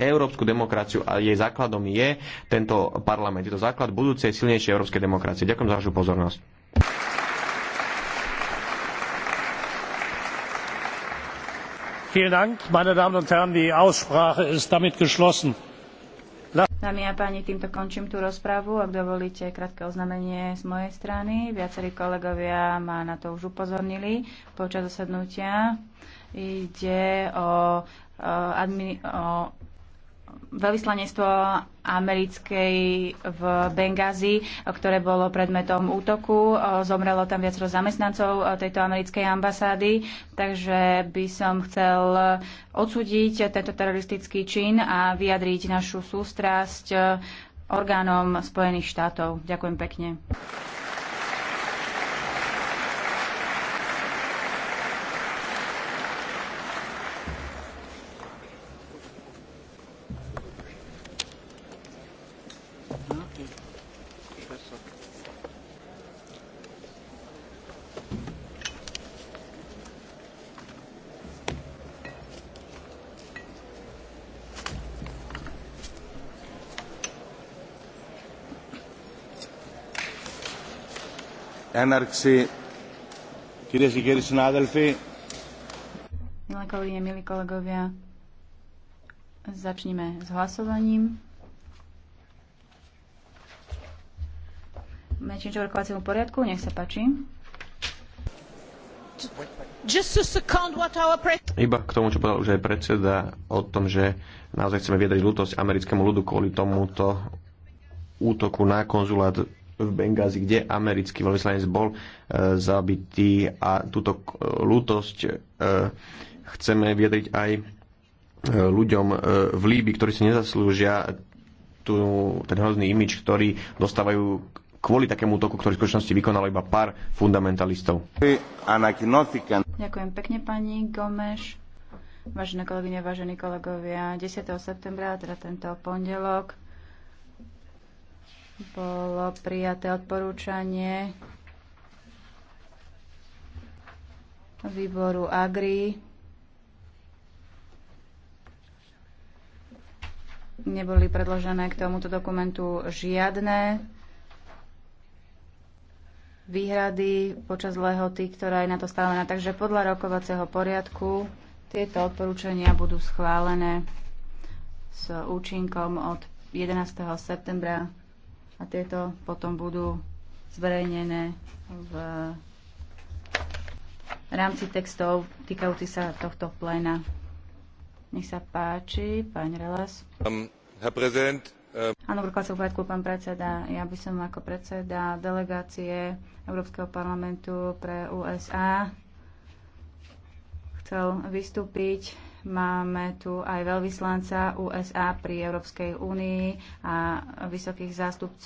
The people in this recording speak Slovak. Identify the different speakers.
Speaker 1: európsku demokraciu a jej základom je tento parlament. Je to základ budúcej silnejšej európskej demokracie. Ďakujem za vašu pozornosť. Vielen
Speaker 2: Dank, meine Damen und Herren, die Aussprache ist damit geschlossen. Dámy a páni, týmto končím tú rozprávu. Ak dovolíte, krátke oznámenie z mojej strany. Viacerí kolegovia ma na to už upozornili počas zasadnutia. Ide o, o, eh, admi- o veľvyslanectvo americkej v Bengázi, ktoré bolo predmetom útoku. Zomrelo tam viacero zamestnancov eh, tejto americkej ambasády, takže by som chcel eh, odsúdiť tento teroristický čin a vyjadriť našu sústrasť eh, orgánom Spojených štátov. Ďakujem pekne.
Speaker 1: έναρξη. Κυρίες και κύριοι συνάδελφοι.
Speaker 2: Milé kolegyne, milí kolegovia, začnime s hlasovaním. Máme niečo rokovaciemu poriadku, nech sa páči.
Speaker 1: Iba k tomu, čo povedal už aj predseda o tom, že naozaj chceme viedať ľútosť americkému ľudu kvôli tomuto útoku na konzulát v Bengázi, kde americký veľvyslanec bol e, zabitý a túto lútosť e, chceme vyjadriť aj e, ľuďom e, v Líbi, ktorí si nezaslúžia tú, ten hrozný imič, ktorý dostávajú kvôli takému útoku, ktorý v skutočnosti vykonalo iba pár fundamentalistov. Ďakujem
Speaker 2: pekne, pani Gomeš. Vážené kolegyne, vážení kolegovia, 10. septembra, teda tento pondelok, bolo prijaté odporúčanie výboru Agri. Neboli predložené k tomuto dokumentu žiadne výhrady počas lehoty, ktorá je na to stanovená. Takže podľa rokovacieho poriadku tieto odporúčania budú schválené s účinkom od 11. septembra a tieto potom budú zverejnené v rámci textov týkajúci sa tohto pléna. Nech sa páči, pán Relas. Um, Herr Präsident, uh, Áno, prokladcov poriadku, pán predseda. Ja by som ako predseda delegácie Európskeho parlamentu pre USA chcel vystúpiť. Máme tu aj veľvyslanca USA pri Európskej únii a vysokých zástupcov.